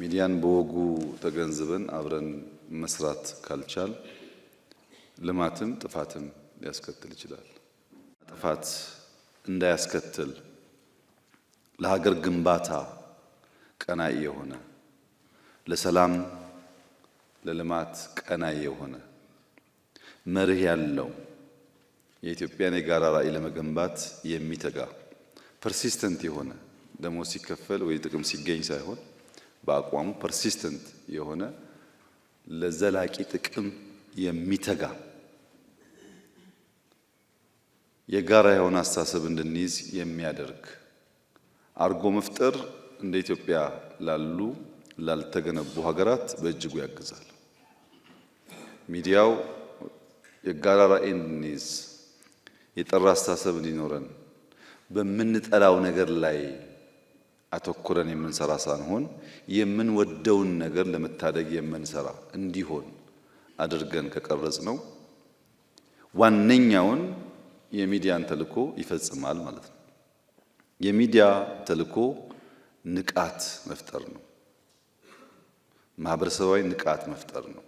ሚዲያን በወጉ ተገንዝበን አብረን መስራት ካልቻል ልማትም ጥፋትም ሊያስከትል ይችላል። ጥፋት እንዳያስከትል ለሀገር ግንባታ ቀናይ የሆነ ለሰላም ለልማት ቀና የሆነ መርህ ያለው የኢትዮጵያን የጋራ ራዕይ ለመገንባት የሚተጋ ፐርሲስተንት የሆነ ደሞዝ ሲከፈል ወይ ጥቅም ሲገኝ ሳይሆን በአቋሙ ፐርሲስተንት የሆነ ለዘላቂ ጥቅም የሚተጋ የጋራ የሆነ አስተሳሰብ እንድንይዝ የሚያደርግ አርጎ መፍጠር እንደ ኢትዮጵያ ላሉ ላልተገነቡ ሀገራት በእጅጉ ያግዛል። ሚዲያው የጋራ ራዕይ እንድንይዝ የጠራ አስተሳሰብ እንዲኖረን በምንጠላው ነገር ላይ አተኩረን የምንሰራ ሳንሆን የምንወደውን ነገር ለመታደግ የምንሰራ እንዲሆን አድርገን ከቀረጽ ነው ዋነኛውን የሚዲያን ተልኮ ይፈጽማል ማለት ነው። የሚዲያ ተልኮ ንቃት መፍጠር ነው። ማህበረሰባዊ ንቃት መፍጠር ነው።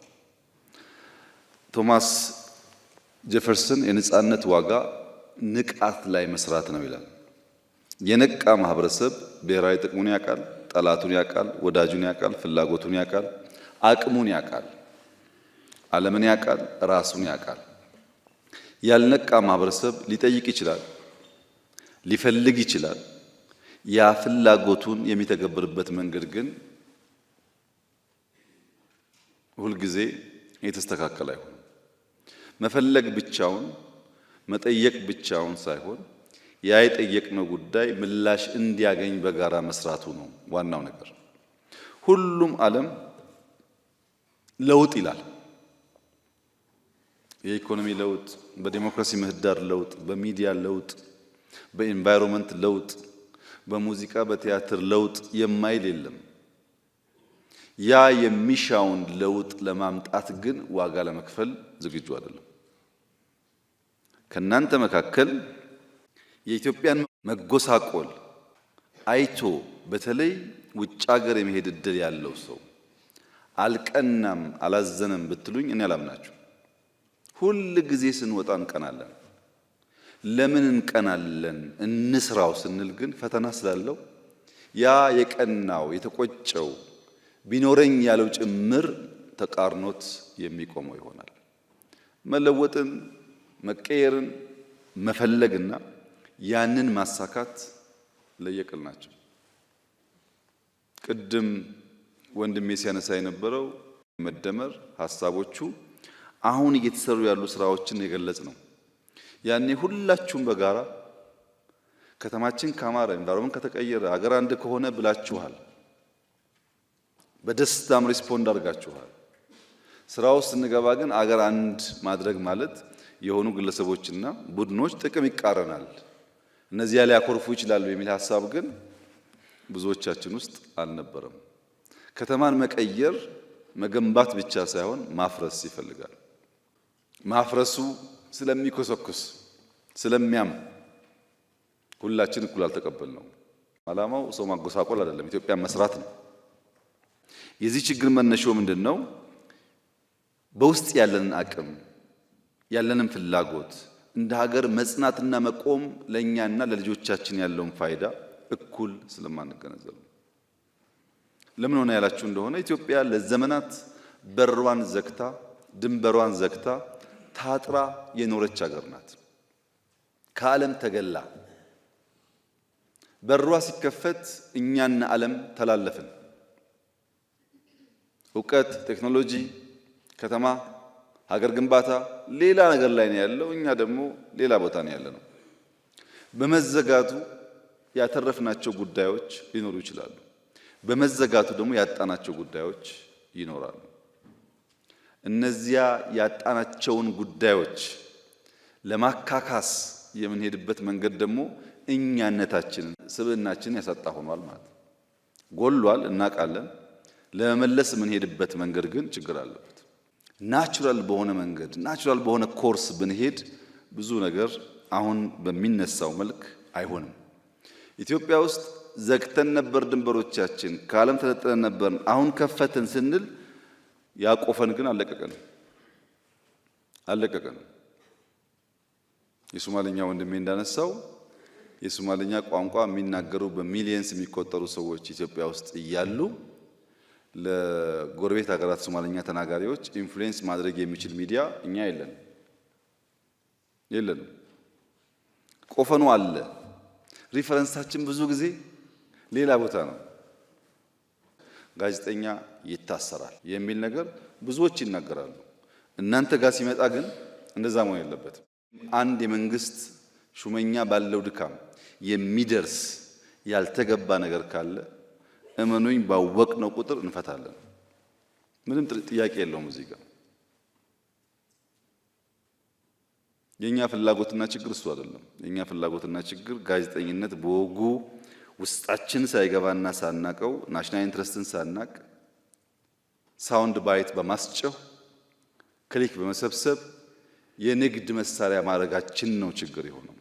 ቶማስ ጀፈርሰን የነጻነት ዋጋ ንቃት ላይ መስራት ነው ይላል። የነቃ ማህበረሰብ ብሔራዊ ጥቅሙን ያውቃል፣ ጠላቱን ያውቃል፣ ወዳጁን ያውቃል፣ ፍላጎቱን ያውቃል፣ አቅሙን ያውቃል፣ ዓለምን ያውቃል፣ ራሱን ያውቃል። ያልነቃ ማህበረሰብ ሊጠይቅ ይችላል፣ ሊፈልግ ይችላል። ያ ፍላጎቱን የሚተገብርበት መንገድ ግን ሁልጊዜ የተስተካከለ አይሆንም። መፈለግ ብቻውን መጠየቅ ብቻውን ሳይሆን ያ የጠየቅነው ጉዳይ ምላሽ እንዲያገኝ በጋራ መስራቱ ነው ዋናው ነገር። ሁሉም ዓለም ለውጥ ይላል። የኢኮኖሚ ለውጥ፣ በዲሞክራሲ ምህዳር ለውጥ፣ በሚዲያ ለውጥ፣ በኤንቫይሮንመንት ለውጥ፣ በሙዚቃ በቲያትር ለውጥ የማይል የለም። ያ የሚሻውን ለውጥ ለማምጣት ግን ዋጋ ለመክፈል ዝግጁ አይደለም። ከእናንተ መካከል የኢትዮጵያን መጎሳቆል አይቶ በተለይ ውጭ ሀገር የመሄድ እድል ያለው ሰው አልቀናም አላዘነም ብትሉኝ እኔ አላምናችሁ። ሁል ጊዜ ስንወጣ እንቀናለን። ለምን እንቀናለን? እንስራው ስንል ግን ፈተና ስላለው ያ የቀናው የተቆጨው ቢኖረኝ ያለው ጭምር ተቃርኖት የሚቆመው ይሆናል። መለወጥን መቀየርን መፈለግና ያንን ማሳካት ለየቅል ናቸው። ቅድም ወንድሜ ሲያነሳ የነበረው መደመር ሀሳቦቹ አሁን እየተሰሩ ያሉ ስራዎችን የገለጽ ነው። ያኔ ሁላችሁም በጋራ ከተማችን ካማረ፣ ኢንቫይሮመንት ከተቀየረ፣ አገር አንድ ከሆነ ብላችኋል። በደስታም ሪስፖንድ አድርጋችኋል። ስራ ውስጥ ስንገባ ግን አገር አንድ ማድረግ ማለት የሆኑ ግለሰቦችና ቡድኖች ጥቅም ይቃረናል። እነዚያ ሊያኮርፉ ይችላሉ የሚል ሀሳብ ግን ብዙዎቻችን ውስጥ አልነበረም። ከተማን መቀየር መገንባት ብቻ ሳይሆን ማፍረስ ይፈልጋል። ማፍረሱ ስለሚኮሰኩስ ስለሚያም ሁላችን እኩል አልተቀበል ነው። ዓላማው ሰው ማጎሳቆል አይደለም፣ ኢትዮጵያ መስራት ነው። የዚህ ችግር መነሾ ምንድን ነው? በውስጥ ያለንን አቅም ያለንን ፍላጎት እንደ ሀገር መጽናትና መቆም ለእኛና ለልጆቻችን ያለውን ፋይዳ እኩል ስለማንገነዘብ ለምን ሆነ ያላችሁ እንደሆነ ኢትዮጵያ ለዘመናት በሯን ዘግታ ድንበሯን ዘግታ ታጥራ የኖረች ሀገር ናት። ከዓለም ተገላ በሯ ሲከፈት እኛና ዓለም ተላለፍን። እውቀት፣ ቴክኖሎጂ፣ ከተማ ሀገር ግንባታ ሌላ ነገር ላይ ነው ያለው፣ እኛ ደግሞ ሌላ ቦታ ነው ያለ ነው። በመዘጋቱ ያተረፍናቸው ጉዳዮች ሊኖሩ ይችላሉ። በመዘጋቱ ደግሞ ያጣናቸው ጉዳዮች ይኖራሉ። እነዚያ ያጣናቸውን ጉዳዮች ለማካካስ የምንሄድበት መንገድ ደግሞ እኛነታችንን ስብዕናችንን ያሳጣ ሆኗል ማለት ነው። ጎሏል፣ እናውቃለን። ለመመለስ የምንሄድበት መንገድ ግን ችግር አለበት። ናቹራል በሆነ መንገድ ናቹራል በሆነ ኮርስ ብንሄድ ብዙ ነገር አሁን በሚነሳው መልክ አይሆንም። ኢትዮጵያ ውስጥ ዘግተን ነበር ድንበሮቻችን፣ ከዓለም ተነጥለን ነበር። አሁን ከፈትን ስንል ያቆፈን ግን አለቀቀን አለቀቀን። የሶማልኛ ወንድሜ እንዳነሳው የሶማልኛ ቋንቋ የሚናገሩ በሚሊየንስ የሚቆጠሩ ሰዎች ኢትዮጵያ ውስጥ እያሉ ለጎረቤት ሀገራት ሶማሊኛ ተናጋሪዎች ኢንፍሉዌንስ ማድረግ የሚችል ሚዲያ እኛ የለንም የለንም። ቆፈኑ አለ። ሪፈረንሳችን ብዙ ጊዜ ሌላ ቦታ ነው። ጋዜጠኛ ይታሰራል የሚል ነገር ብዙዎች ይናገራሉ። እናንተ ጋር ሲመጣ ግን እንደዛ መሆን የለበትም። አንድ የመንግስት ሹመኛ ባለው ድካም የሚደርስ ያልተገባ ነገር ካለ እመኑኝ ባወቅነው ቁጥር እንፈታለን። ምንም ጥያቄ የለውም። እዚህ ጋር የእኛ ፍላጎትና ችግር እሱ አይደለም። የእኛ ፍላጎትና ችግር ጋዜጠኝነት በወጉ ውስጣችን ሳይገባና ሳናቀው ናሽናል ኢንትረስትን ሳናቅ ሳውንድ ባይት በማስጨው ክሊክ በመሰብሰብ የንግድ መሳሪያ ማድረጋችን ነው ችግር የሆነው።